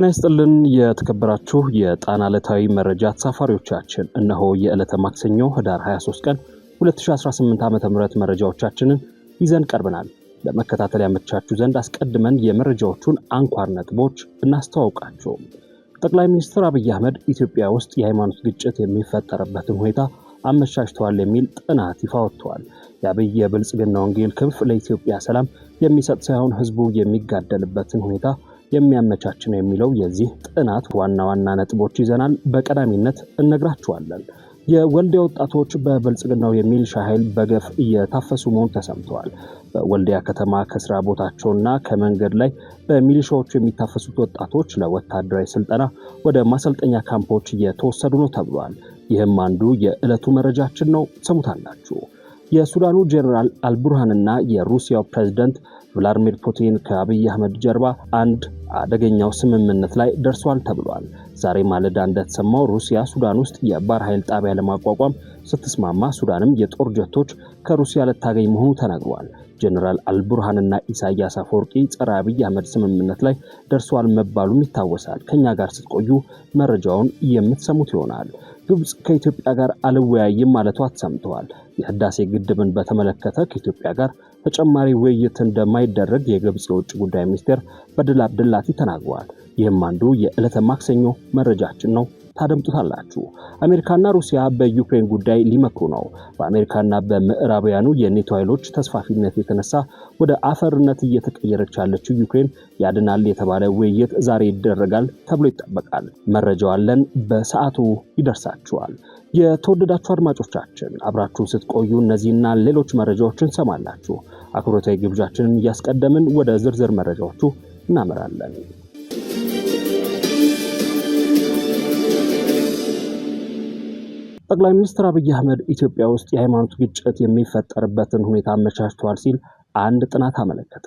ጤና ይስጥልን የተከበራችሁ የጣና ዕለታዊ መረጃ ተሳፋሪዎቻችን፣ እነሆ የዕለተ ማክሰኞ ህዳር 23 ቀን 2018 ዓ ም መረጃዎቻችንን ይዘን ቀርበናል። ለመከታተል ያመቻችሁ ዘንድ አስቀድመን የመረጃዎቹን አንኳር ነጥቦች እናስተዋውቃቸው። ጠቅላይ ሚኒስትር አብይ አህመድ ኢትዮጵያ ውስጥ የሃይማኖት ግጭት የሚፈጠርበትን ሁኔታ አመቻችተዋል የሚል ጥናት ይፋ ወጥተዋል። የአብይ የብልጽግና ወንጌል ክንፍ ለኢትዮጵያ ሰላም የሚሰጥ ሳይሆን ህዝቡ የሚጋደልበትን ሁኔታ የሚያመቻች ነው የሚለው የዚህ ጥናት ዋና ዋና ነጥቦች ይዘናል። በቀዳሚነት እነግራችኋለን። የወልዲያ ወጣቶች በብልጽግናው የሚሊሻ ኃይል በገፍ እየታፈሱ መሆን ተሰምተዋል። በወልዲያ ከተማ ከስራ ቦታቸውና ከመንገድ ላይ በሚሊሻዎቹ የሚታፈሱት ወጣቶች ለወታደራዊ ስልጠና ወደ ማሰልጠኛ ካምፖች እየተወሰዱ ነው ተብሏል። ይህም አንዱ የዕለቱ መረጃችን ነው። ሰሙታላችሁ። የሱዳኑ ጀኔራል አልቡርሃንና የሩሲያው ፕሬዝደንት ቭላድሚር ፑቲን ከአብይ አህመድ ጀርባ አንድ አደገኛው ስምምነት ላይ ደርሷል ተብሏል። ዛሬ ማለዳ እንደተሰማው ሩሲያ ሱዳን ውስጥ የባህር ኃይል ጣቢያ ለማቋቋም ስትስማማ፣ ሱዳንም የጦር ጀቶች ከሩሲያ ልታገኝ መሆኑ ተነግሯል። ጀኔራል አልቡርሃንና ኢሳያስ አፈወርቂ ጸረ አብይ አህመድ ስምምነት ላይ ደርሰዋል መባሉም ይታወሳል። ከኛ ጋር ስትቆዩ መረጃውን የምትሰሙት ይሆናል። ግብጽ ከኢትዮጵያ ጋር አልወያይም ማለቷ ተሰምተዋል። የህዳሴ ግድብን በተመለከተ ከኢትዮጵያ ጋር ተጨማሪ ውይይት እንደማይደረግ የግብጽ የውጭ ጉዳይ ሚኒስቴር በድላ አብድላቲ ተናግረዋል። ይህም አንዱ የዕለተ ማክሰኞ መረጃችን ነው። ታደምጡታላችሁ። አሜሪካና ሩሲያ በዩክሬን ጉዳይ ሊመክሩ ነው። በአሜሪካና በምዕራባውያኑ የኔቶ ኃይሎች ተስፋፊነት የተነሳ ወደ አፈርነት እየተቀየረች ያለችው ዩክሬን ያድናል የተባለ ውይይት ዛሬ ይደረጋል ተብሎ ይጠበቃል። መረጃው አለን፣ በሰዓቱ ይደርሳችኋል። የተወደዳችሁ አድማጮቻችን አብራችሁን ስትቆዩ እነዚህና ሌሎች መረጃዎችን ሰማላችሁ። አክብሮታዊ ግብዣችንን እያስቀደምን ወደ ዝርዝር መረጃዎቹ እናመራለን። ጠቅላይ ሚኒስትር አብይ አህመድ ኢትዮጵያ ውስጥ የሃይማኖት ግጭት የሚፈጠርበትን ሁኔታ አመቻችቷል ሲል አንድ ጥናት አመለከተ።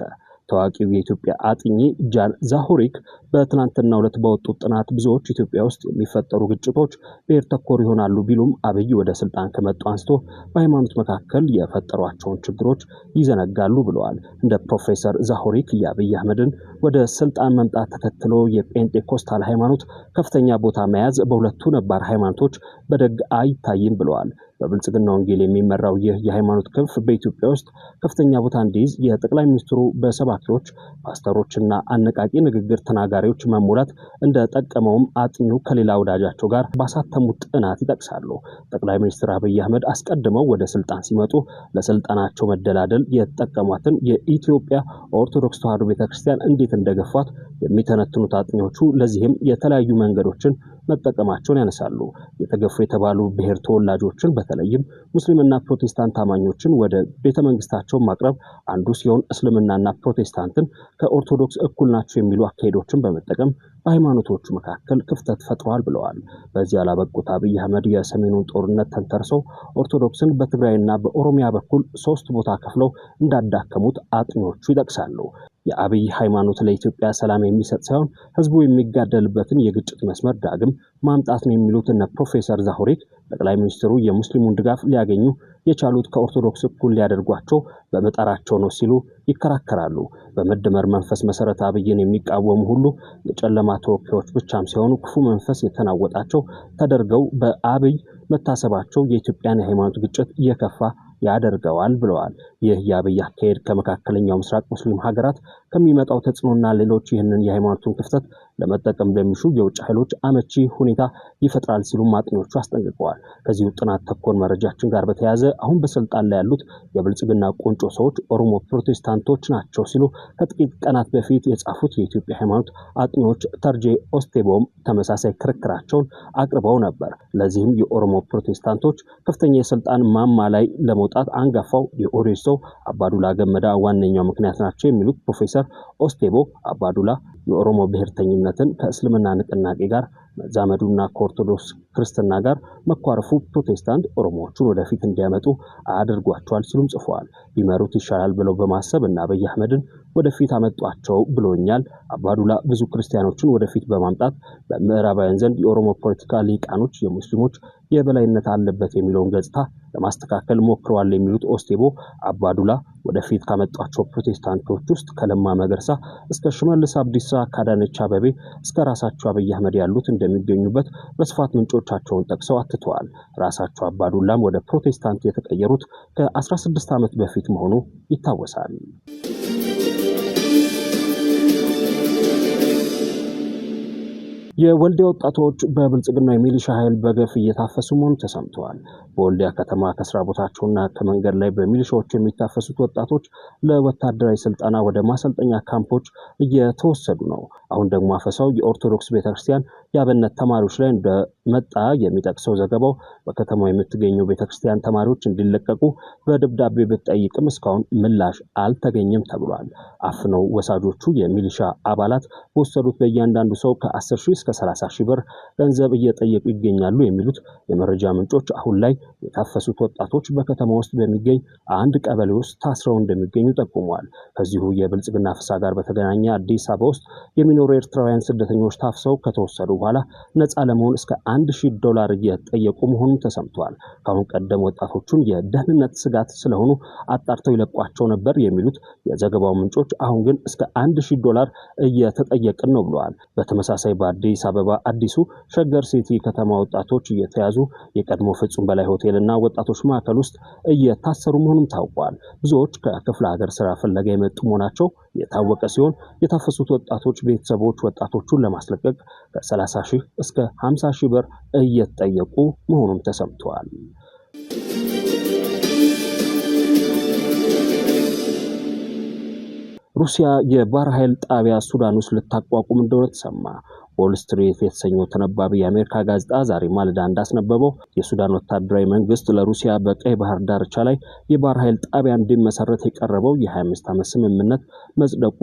ታዋቂው የኢትዮጵያ አጥኚ ጃን ዛሆሪክ በትናንትና ሁለት በወጡት ጥናት ብዙዎች ኢትዮጵያ ውስጥ የሚፈጠሩ ግጭቶች ብሔር ተኮር ይሆናሉ ቢሉም አብይ ወደ ስልጣን ከመጡ አንስቶ በሃይማኖት መካከል የፈጠሯቸውን ችግሮች ይዘነጋሉ ብለዋል። እንደ ፕሮፌሰር ዛሆሪክ የአብይ አህመድን ወደ ስልጣን መምጣት ተከትሎ የጴንጤኮስታል ሃይማኖት ከፍተኛ ቦታ መያዝ በሁለቱ ነባር ሃይማኖቶች በደግ አይታይም ብለዋል። በብልጽግና ወንጌል የሚመራው ይህ የሃይማኖት ክንፍ በኢትዮጵያ ውስጥ ከፍተኛ ቦታ እንዲይዝ የጠቅላይ ሚኒስትሩ በሰባኪዎች ፓስተሮችና አነቃቂ ንግግር ተናጋሪዎች መሙላት እንደጠቀመውም አጥኚው ከሌላ ወዳጃቸው ጋር ባሳተሙት ጥናት ይጠቅሳሉ። ጠቅላይ ሚኒስትር አብይ አህመድ አስቀድመው ወደ ስልጣን ሲመጡ ለስልጣናቸው መደላደል የተጠቀሟትን የኢትዮጵያ ኦርቶዶክስ ተዋሕዶ ቤተክርስቲያን እንዴት እንደገፏት የሚተነትኑት አጥኚዎቹ ለዚህም የተለያዩ መንገዶችን መጠቀማቸውን ያነሳሉ። የተገፉ የተባሉ ብሔር ተወላጆችን በተለይም ሙስሊምና ፕሮቴስታንት አማኞችን ወደ ቤተ መንግስታቸውን ማቅረብ አንዱ ሲሆን እስልምናና ፕሮቴስታንትን ከኦርቶዶክስ እኩል ናቸው የሚሉ አካሄዶችን በመጠቀም በሃይማኖቶቹ መካከል ክፍተት ፈጥረዋል ብለዋል። በዚህ ያላበቁት አብይ አህመድ የሰሜኑን ጦርነት ተንተርሰው ኦርቶዶክስን በትግራይና በኦሮሚያ በኩል ሶስት ቦታ ከፍለው እንዳዳከሙት አጥኚዎቹ ይጠቅሳሉ። የአብይ ሃይማኖት ለኢትዮጵያ ሰላም የሚሰጥ ሳይሆን ህዝቡ የሚጋደልበትን የግጭት መስመር ዳግም ማምጣት ነው የሚሉት እነ ፕሮፌሰር ዛሁሪክ ጠቅላይ ሚኒስትሩ የሙስሊሙን ድጋፍ ሊያገኙ የቻሉት ከኦርቶዶክስ እኩል ሊያደርጓቸው በመጠራቸው ነው ሲሉ ይከራከራሉ። በመደመር መንፈስ መሰረት አብይን የሚቃወሙ ሁሉ የጨለማ ተወካዮች ብቻም ሲሆኑ ክፉ መንፈስ የተናወጣቸው ተደርገው በአብይ መታሰባቸው የኢትዮጵያን የሃይማኖት ግጭት እየከፋ ያደርገዋል ብለዋል። ይህ የአብይ አካሄድ ከመካከለኛው ምስራቅ ሙስሊም ሀገራት ከሚመጣው ተጽዕኖና ሌሎች ይህንን የሃይማኖቱን ክፍተት ለመጠቀም ለሚሹ የውጭ ኃይሎች አመቺ ሁኔታ ይፈጥራል ሲሉም አጥኚዎቹ አስጠንቅቀዋል። ከዚሁ ጥናት ተኮር መረጃችን ጋር በተያያዘ አሁን በስልጣን ላይ ያሉት የብልጽግና ቁንጮ ሰዎች ኦሮሞ ፕሮቴስታንቶች ናቸው ሲሉ ከጥቂት ቀናት በፊት የጻፉት የኢትዮጵያ ሃይማኖት አጥኚዎች ተርጄ ኦስቴቦም ተመሳሳይ ክርክራቸውን አቅርበው ነበር። ለዚህም የኦሮሞ ፕሮቴስታንቶች ከፍተኛ የስልጣን ማማ ላይ ለመውጣት አንጋፋው የኦዴሶ አባዱላ ገመዳ ዋነኛው ምክንያት ናቸው የሚሉት ፕሮፌሰር ኦስቴቦ አባዱላ የኦሮሞ ብሔርተኝነት እምነትን ከእስልምና ንቅናቄ ጋር መዛመዱና ከኦርቶዶክስ ክርስትና ጋር መኳረፉ ፕሮቴስታንት ኦሮሞዎቹን ወደፊት እንዲያመጡ አድርጓቸዋል ሲሉም ጽፈዋል። ቢመሩት ይሻላል ብለው በማሰብ እና አብይ አህመድን ወደፊት አመጧቸው ብሎኛል። አባዱላ ብዙ ክርስቲያኖችን ወደፊት በማምጣት በምዕራባውያን ዘንድ የኦሮሞ ፖለቲካ ሊቃኖች የሙስሊሞች የበላይነት አለበት የሚለውን ገጽታ ለማስተካከል ሞክረዋል የሚሉት ኦስቴቦ አባዱላ ወደፊት ካመጧቸው ፕሮቴስታንቶች ውስጥ ከለማ መገርሳ እስከ ሽመልስ አብዲሳ ከአዳነች አበቤ እስከ ራሳቸው አብይ አህመድ ያሉት እንደሚገኙበት በስፋት ምንጮቻቸውን ጠቅሰው አትተዋል። ራሳቸው አባዱላም ወደ ፕሮቴስታንት የተቀየሩት ከ16 ዓመት በፊት መሆኑ ይታወሳል። የወልዲያ ወጣቶች በብልጽግና የሚሊሻ ኃይል በገፍ እየታፈሱ መሆኑ ተሰምተዋል። በወልዲያ ከተማ ከስራ ቦታቸውና ከመንገድ ላይ በሚሊሻዎች የሚታፈሱት ወጣቶች ለወታደራዊ ስልጠና ወደ ማሰልጠኛ ካምፖች እየተወሰዱ ነው። አሁን ደግሞ አፈሳው የኦርቶዶክስ ቤተክርስቲያን የአብነት ተማሪዎች ላይ እንደመጣ የሚጠቅሰው ዘገባው በከተማው የምትገኘው ቤተክርስቲያን ተማሪዎች እንዲለቀቁ በደብዳቤ ብትጠይቅም እስካሁን ምላሽ አልተገኘም ተብሏል። አፍነው ወሳጆቹ የሚሊሻ አባላት በወሰዱት በእያንዳንዱ ሰው ከ ሺህ እስከ 30 ሺህ ብር ገንዘብ እየጠየቁ ይገኛሉ የሚሉት የመረጃ ምንጮች አሁን ላይ የታፈሱት ወጣቶች በከተማ ውስጥ በሚገኝ አንድ ቀበሌ ውስጥ ታስረው እንደሚገኙ ጠቁመዋል። ከዚሁ የብልጽግና ፍሳ ጋር በተገናኘ አዲስ አበባ ውስጥ የሚኖሩ ኤርትራውያን ስደተኞች ታፍሰው ከተወሰዱ በኋላ ነፃ ለመሆን እስከ አንድ ሺህ ዶላር እየጠየቁ መሆኑን ተሰምተዋል። ከአሁን ቀደም ወጣቶቹን የደህንነት ስጋት ስለሆኑ አጣርተው ይለቋቸው ነበር የሚሉት የዘገባው ምንጮች አሁን ግን እስከ አንድ ሺህ ዶላር እየተጠየቅን ነው ብለዋል። በተመሳሳይ በአዲስ በአዲስ አበባ አዲሱ ሸገር ሲቲ ከተማ ወጣቶች እየተያዙ የቀድሞ ፍጹም በላይ ሆቴልና ወጣቶች ማዕከል ውስጥ እየታሰሩ መሆኑም ታውቋል። ብዙዎች ከክፍለ ሀገር ስራ ፍለጋ የመጡ መሆናቸው የታወቀ ሲሆን የታፈሱት ወጣቶች ቤተሰቦች ወጣቶቹን ለማስለቀቅ ከ30 ሺህ እስከ 50 ሺህ ብር እየተጠየቁ መሆኑም ተሰምተዋል። ሩሲያ የባህር ኃይል ጣቢያ ሱዳን ውስጥ ልታቋቁም እንደሆነ ተሰማ። ዎል ስትሪት የተሰኘው ተነባቢ የአሜሪካ ጋዜጣ ዛሬ ማለዳ እንዳስነበበው የሱዳን ወታደራዊ መንግስት ለሩሲያ በቀይ ባህር ዳርቻ ላይ የባህር ኃይል ጣቢያ እንዲመሰረት የቀረበው የ25 ዓመት ስምምነት መጽደቁ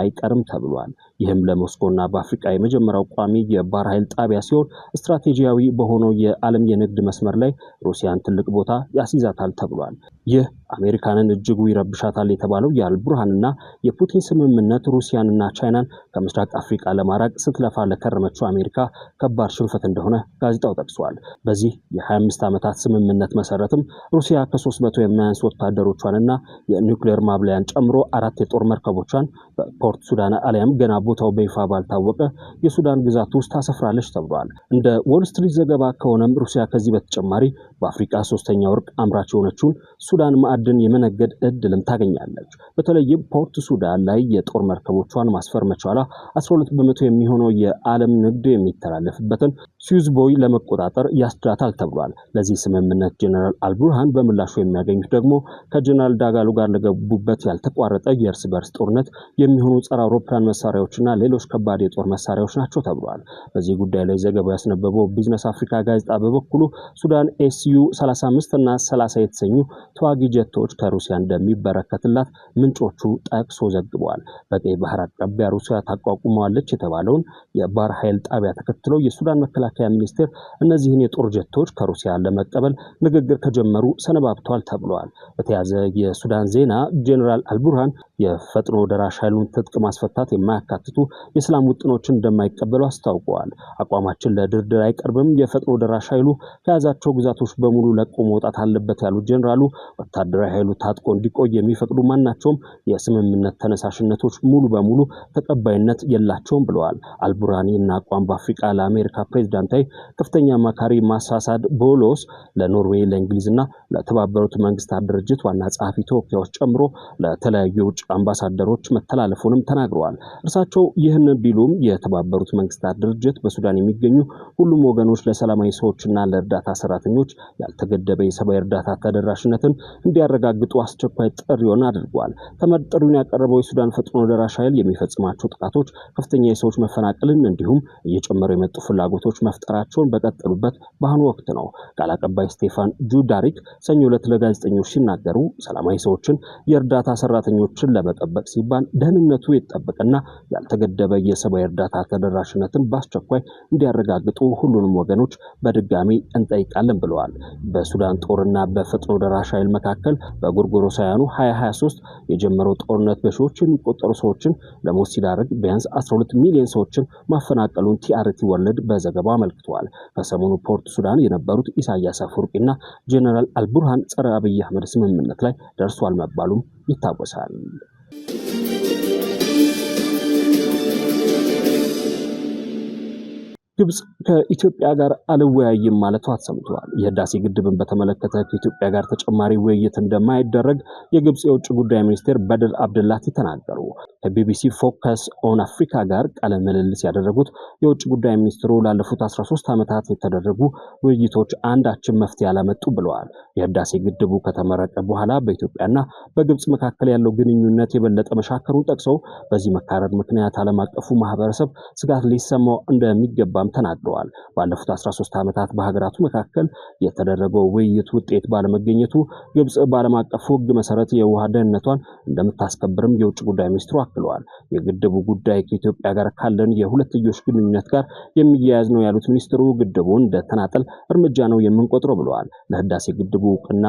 አይቀርም ተብሏል። ይህም ለሞስኮና በአፍሪቃ የመጀመሪያው ቋሚ የባህር ኃይል ጣቢያ ሲሆን ስትራቴጂያዊ በሆነው የዓለም የንግድ መስመር ላይ ሩሲያን ትልቅ ቦታ ያስይዛታል ተብሏል። ይህ አሜሪካንን እጅጉ ይረብሻታል የተባለው የአልቡርሃንና የፑቲን ስምምነት ሩሲያንና ቻይናን ከምስራቅ አፍሪቃ ለማራቅ ስትለፋ ለከረመችው አሜሪካ ከባድ ሽንፈት እንደሆነ ጋዜጣው ጠቅሷል። በዚህ የ25 ዓመታት ስምምነት መሰረትም ሩሲያ ከ300 የማያንስ ወታደሮቿንና የኒውክሌር ማብለያን ጨምሮ አራት የጦር መርከቦቿን በፖርት ሱዳን አሊያም ገና ቦታው በይፋ ባልታወቀ የሱዳን ግዛት ውስጥ ታሰፍራለች ተብሏል። እንደ ዎል ስትሪት ዘገባ ከሆነም ሩሲያ ከዚህ በተጨማሪ በአፍሪቃ ሶስተኛ ወርቅ አምራች የሆነችውን ሱዳን ማዕድን የመነገድ እድልም ታገኛለች። በተለይም ፖርት ሱዳን ላይ የጦር መርከቦቿን ማስፈር መቻሏ 12 በመቶ የሚሆነው የዓለም ንግድ የሚተላለፍበትን ስዊዝ ቦይ ለመቆጣጠር ያስችላታል ተብሏል። ለዚህ ስምምነት ጀነራል አልቡርሃን በምላሹ የሚያገኙት ደግሞ ከጀነራል ዳጋሉ ጋር ለገቡበት ያልተቋረጠ የእርስ በርስ ጦርነት የሚሆኑ ጸረ አውሮፕላን መሳሪያዎች መሳሪያዎችና ሌሎች ከባድ የጦር መሳሪያዎች ናቸው ተብሏል። በዚህ ጉዳይ ላይ ዘገባው ያስነበበው ቢዝነስ አፍሪካ ጋዜጣ በበኩሉ ሱዳን ኤስዩ 35 እና 30 የተሰኙ ተዋጊ ጀቶች ከሩሲያ እንደሚበረከትላት ምንጮቹ ጠቅሶ ዘግበዋል። በቀይ ባህር አቅራቢያ ሩሲያ ታቋቁመዋለች የተባለውን የባህር ኃይል ጣቢያ ተከትለው የሱዳን መከላከያ ሚኒስቴር እነዚህን የጦር ጀቶች ከሩሲያ ለመቀበል ንግግር ከጀመሩ ሰነባብተዋል ተብለዋል። በተያያዘ የሱዳን ዜና ጄኔራል አልቡርሃን የፈጥኖ ደራሽ ኃይሉን ትጥቅ ማስፈታት የማያካትቱ የሰላም ውጥኖችን እንደማይቀበሉ አስታውቀዋል። አቋማችን ለድርድር አይቀርብም፣ የፈጥኖ ደራሽ ኃይሉ ከያዛቸው ግዛቶች በሙሉ ለቆ መውጣት አለበት ያሉት ጄኔራሉ ወታደራዊ ኃይሉ ታጥቆ እንዲቆይ የሚፈቅዱ ማናቸውም የስምምነት ተነሳሽነቶች ሙሉ በሙሉ ተቀባይነት የላቸውም ብለዋል። አልቡራኒ እና አቋም በአፍሪቃ ለአሜሪካ ፕሬዚዳንታዊ ከፍተኛ አማካሪ ማሳሳድ ቦሎስ ለኖርዌይ ለእንግሊዝና ለተባበሩት መንግስታት ድርጅት ዋና ጸሐፊ ተወካዮች ጨምሮ ለተለያዩ የውጭ አምባሳደሮች መተላለፉንም ተናግረዋል። እርሳቸው ይህን ቢሉም የተባበሩት መንግስታት ድርጅት በሱዳን የሚገኙ ሁሉም ወገኖች ለሰላማዊ ሰዎችና ለእርዳታ ሰራተኞች ያልተገደበ የሰብአዊ እርዳታ ተደራሽነትን እንዲያረጋግጡ አስቸኳይ ጥሪውን አድርጓል። ተመድ ጥሪውን ያቀረበው የሱዳን ፈጥኖ ደራሽ ኃይል የሚፈጽማቸው ጥቃቶች ከፍተኛ የሰዎች መፈናቀልን እንዲሁም እየጨመሩ የመጡ ፍላጎቶች መፍጠራቸውን በቀጠሉበት በአሁኑ ወቅት ነው። ቃል አቀባይ ስቴፋን ጁዳሪክ ሰኞ ዕለት ለጋዜጠኞች ሲናገሩ ሰላማዊ ሰዎችን የእርዳታ ሰራተኞችን ለመጠበቅ ሲባል ደህንነቱ የተጠበቀና ያልተገደበ የሰብአዊ እርዳታ ተደራሽነትን በአስቸኳይ እንዲያረጋግጡ ሁሉንም ወገኖች በድጋሚ እንጠይቃለን ብለዋል። በሱዳን ጦርና በፈጥኖ ደራሽ ኃይል መካከል በጎርጎሮሳውያኑ 2023 የጀመረው ጦርነት በሺዎች የሚቆጠሩ ሰዎችን ለሞት ሲዳርግ ቢያንስ 12 ሚሊዮን ሰዎችን ማፈናቀሉን ቲአርቲ ወርልድ በዘገባው አመልክተዋል። ከሰሞኑ ፖርት ሱዳን የነበሩት ኢሳያስ አፈወርቂና ጄኔራል አልቡርሃን ጸረ አብይ አህመድ ስምምነት ላይ ደርሷል መባሉም ይታወሳል። ግብጽ ከኢትዮጵያ ጋር አልወያይም ማለቷ ተሰምተዋል። የህዳሴ ግድብን በተመለከተ ከኢትዮጵያ ጋር ተጨማሪ ውይይት እንደማይደረግ የግብጽ የውጭ ጉዳይ ሚኒስቴር በድር አብድላቲ ተናገሩ። ከቢቢሲ ፎከስ ኦን አፍሪካ ጋር ቃለ ምልልስ ያደረጉት የውጭ ጉዳይ ሚኒስትሩ ላለፉት 13 ዓመታት የተደረጉ ውይይቶች አንዳችን መፍትሄ አላመጡ ብለዋል። የህዳሴ ግድቡ ከተመረቀ በኋላ በኢትዮጵያና በግብጽ መካከል ያለው ግንኙነት የበለጠ መሻከሩን ጠቅሰው በዚህ መካረር ምክንያት ዓለም አቀፉ ማህበረሰብ ስጋት ሊሰማው እንደሚገባ ሲልቫም ተናግረዋል። ባለፉት 13 ዓመታት በሀገራቱ መካከል የተደረገው ውይይት ውጤት ባለመገኘቱ ግብጽ በዓለም አቀፉ ሕግ መሰረት የውሃ ደህንነቷን እንደምታስከብርም የውጭ ጉዳይ ሚኒስትሩ አክለዋል። የግድቡ ጉዳይ ከኢትዮጵያ ጋር ካለን የሁለትዮሽ ግንኙነት ጋር የሚያያዝ ነው ያሉት ሚኒስትሩ ግድቡ እንደተናጠል እርምጃ ነው የምንቆጥረው ብለዋል። ለህዳሴ ግድቡ እውቅና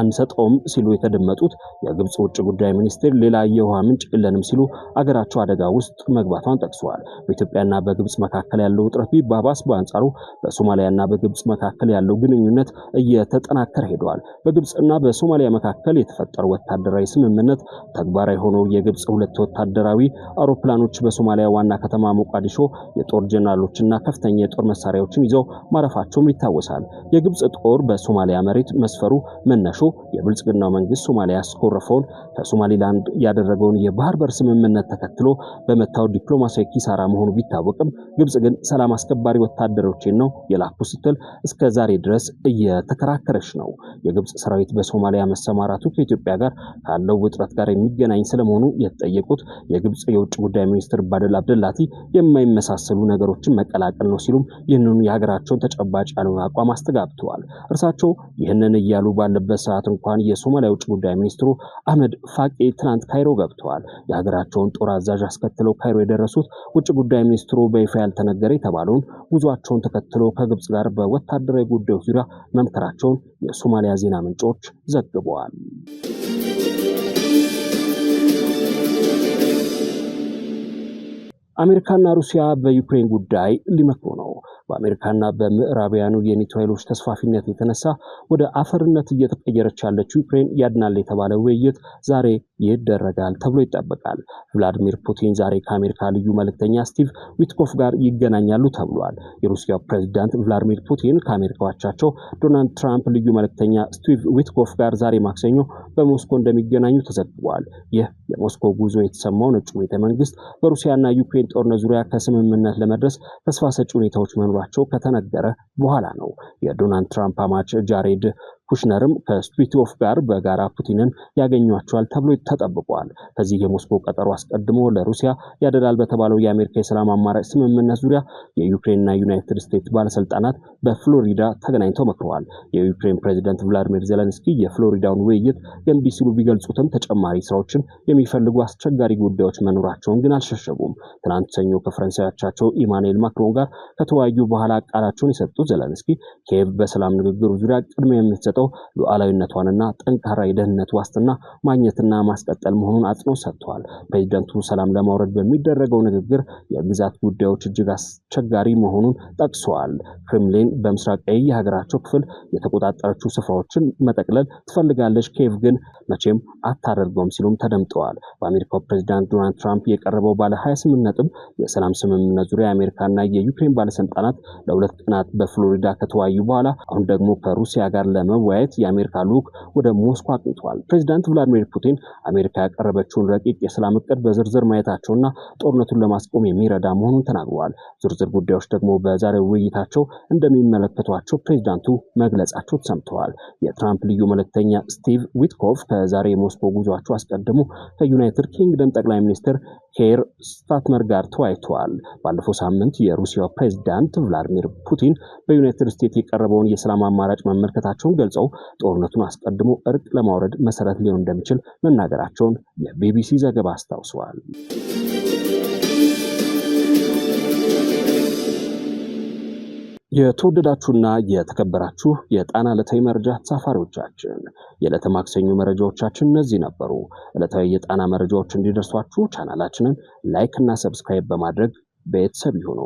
አንሰጠውም ሲሉ የተደመጡት የግብፅ ውጭ ጉዳይ ሚኒስትር ሌላ የውሃ ምንጭ የለንም ሲሉ አገራቸው አደጋ ውስጥ መግባቷን ጠቅሰዋል። በኢትዮጵያና በግብፅ መካከል ያለው ውጥረት ቢባባስ፣ በአንጻሩ በሶማሊያና በግብፅ መካከል ያለው ግንኙነት እየተጠናከረ ሄደዋል። በግብፅና በሶማሊያ መካከል የተፈጠረው ወታደራዊ ስምምነት ተግባራዊ ሆኖ የግብፅ ሁለት ወታደራዊ አውሮፕላኖች በሶማሊያ ዋና ከተማ ሞቃዲሾ የጦር ጀነራሎችና ከፍተኛ የጦር መሳሪያዎችን ይዘው ማረፋቸውም ይታወሳል። የግብፅ ጦር በሶማሊያ መሬት መስፈሩ መነሾ የብልጽግናው መንግስት ሶማሊያ ያስኮረፈውን ከሶማሊላንድ ያደረገውን የባህር በር ስምምነት ተከትሎ በመታው ዲፕሎማሲያዊ ኪሳራ መሆኑ ቢታወቅም ግብጽ ግን ሰላም አስከባሪ ወታደሮችን ነው የላኩ ስትል እስከ ዛሬ ድረስ እየተከራከረች ነው። የግብጽ ሰራዊት በሶማሊያ መሰማራቱ ከኢትዮጵያ ጋር ካለው ውጥረት ጋር የሚገናኝ ስለመሆኑ የተጠየቁት የግብጽ የውጭ ጉዳይ ሚኒስትር ባደል አብደላቲ የማይመሳሰሉ ነገሮችን መቀላቀል ነው ሲሉም ይህንኑ የሀገራቸውን ተጨባጭ ያለውን አቋም አስተጋብተዋል። እርሳቸው ይህንን እያሉ ባለበት ሰዓት እንኳን የሶማሊያ ውጭ ጉዳይ ሚኒስትሩ አህመድ ፋቂ ትናንት ካይሮ ገብተዋል። የሀገራቸውን ጦር አዛዥ አስከትለው ካይሮ የደረሱት ውጭ ጉዳይ ሚኒስትሩ በይፋ ያልተነገረ የተባለውን ጉዟቸውን ተከትሎ ከግብጽ ጋር በወታደራዊ ጉዳዮች ዙሪያ መምከራቸውን የሶማሊያ ዜና ምንጮች ዘግበዋል። አሜሪካና ሩሲያ በዩክሬን ጉዳይ ሊመክሩ ነው። በአሜሪካና በምዕራቢያኑ የኔቶ ኃይሎች ተስፋፊነት የተነሳ ወደ አፈርነት እየተቀየረች ያለችው ዩክሬን ያድናል የተባለ ውይይት ዛሬ ይደረጋል ተብሎ ይጠበቃል። ቭላዲሚር ፑቲን ዛሬ ከአሜሪካ ልዩ መልእክተኛ ስቲቭ ዊትኮፍ ጋር ይገናኛሉ ተብሏል። የሩሲያ ፕሬዚዳንት ቭላዲሚር ፑቲን ከአሜሪካዎቻቸው ዶናልድ ትራምፕ ልዩ መልእክተኛ ስቲቭ ዊትኮፍ ጋር ዛሬ ማክሰኞ በሞስኮ እንደሚገናኙ ተዘግቧል። ይህ የሞስኮ ጉዞ የተሰማው ነጩ ቤተ መንግስት በሩሲያና ዩክሬን ጦርነት ዙሪያ ከስምምነት ለመድረስ ተስፋ ሰጪ ሁኔታዎች መኖ መቀበሏቸው ከተነገረ በኋላ ነው። የዶናልድ ትራምፕ አማች ጃሬድ ኩሽነርም ከስትዊትኦፍ ጋር በጋራ ፑቲንን ያገኟቸዋል ተብሎ ተጠብቋል። ከዚህ የሞስኮ ቀጠሮ አስቀድሞ ለሩሲያ ያደላል በተባለው የአሜሪካ የሰላም አማራጭ ስምምነት ዙሪያ የዩክሬንና ዩናይትድ ስቴትስ ባለስልጣናት በፍሎሪዳ ተገናኝተው መክረዋል። የዩክሬን ፕሬዚደንት ቭላዲሚር ዜለንስኪ የፍሎሪዳውን ውይይት ገንቢ ሲሉ ቢገልጹትም ተጨማሪ ስራዎችን የሚፈልጉ አስቸጋሪ ጉዳዮች መኖራቸውን ግን አልሸሸጉም። ትናንት ሰኞ ከፈረንሳዮቻቸው ኢማኑኤል ማክሮን ጋር ከተወያዩ በኋላ ቃላቸውን የሰጡት ዜለንስኪ ኪየቭ በሰላም ንግግሩ ዙሪያ ቅድሚያ የምትሰጥ የሚሰጠው ሉዓላዊነቷንና ጠንካራ የደህንነት ዋስትና ማግኘትና ማስቀጠል መሆኑን አጽንኦት ሰጥተዋል። ፕሬዚደንቱ ሰላም ለማውረድ በሚደረገው ንግግር የግዛት ጉዳዮች እጅግ አስቸጋሪ መሆኑን ጠቅሰዋል። ክሬምሊን በምስራቃዊ የሀገራቸው ክፍል የተቆጣጠረችው ስፍራዎችን መጠቅለል ትፈልጋለች፣ ኬቭ ግን መቼም አታደርገውም ሲሉም ተደምጠዋል። በአሜሪካው ፕሬዚዳንት ዶናልድ ትራምፕ የቀረበው ባለ 28 ነጥብ የሰላም ስምምነት ዙሪያ የአሜሪካና የዩክሬን ባለስልጣናት ለሁለት ቀናት በፍሎሪዳ ከተወያዩ በኋላ አሁን ደግሞ ከሩሲያ ጋር ለመ ለመወያየት የአሜሪካ ልዑክ ወደ ሞስኮ አቅኝተዋል። ፕሬዚዳንት ቭላዲሚር ፑቲን አሜሪካ ያቀረበችውን ረቂቅ የሰላም እቅድ በዝርዝር ማየታቸውና ጦርነቱን ለማስቆም የሚረዳ መሆኑን ተናግረዋል። ዝርዝር ጉዳዮች ደግሞ በዛሬው ውይይታቸው እንደሚመለከቷቸው ፕሬዚዳንቱ መግለጻቸው ተሰምተዋል። የትራምፕ ልዩ መልእክተኛ ስቲቭ ዊትኮፍ ከዛሬ የሞስኮ ጉዟቸው አስቀድሞ ከዩናይትድ ኪንግደም ጠቅላይ ሚኒስትር ኬር ስታትመር ጋር ተወያይተዋል። ባለፈው ሳምንት የሩሲያው ፕሬዚዳንት ቭላዲሚር ፑቲን በዩናይትድ ስቴትስ የቀረበውን የሰላም አማራጭ መመልከታቸውን ገልጸዋል። ገልጸው ጦርነቱን አስቀድሞ እርቅ ለማውረድ መሰረት ሊሆን እንደሚችል መናገራቸውን የቢቢሲ ዘገባ አስታውሰዋል። የተወደዳችሁና የተከበራችሁ የጣና ዕለታዊ መረጃ ተሳፋሪዎቻችን የዕለተ ማክሰኞ መረጃዎቻችን እነዚህ ነበሩ። ዕለታዊ የጣና መረጃዎች እንዲደርሷችሁ ቻናላችንን ላይክ እና ሰብስክራይብ በማድረግ ቤተሰብ ይሁኑ።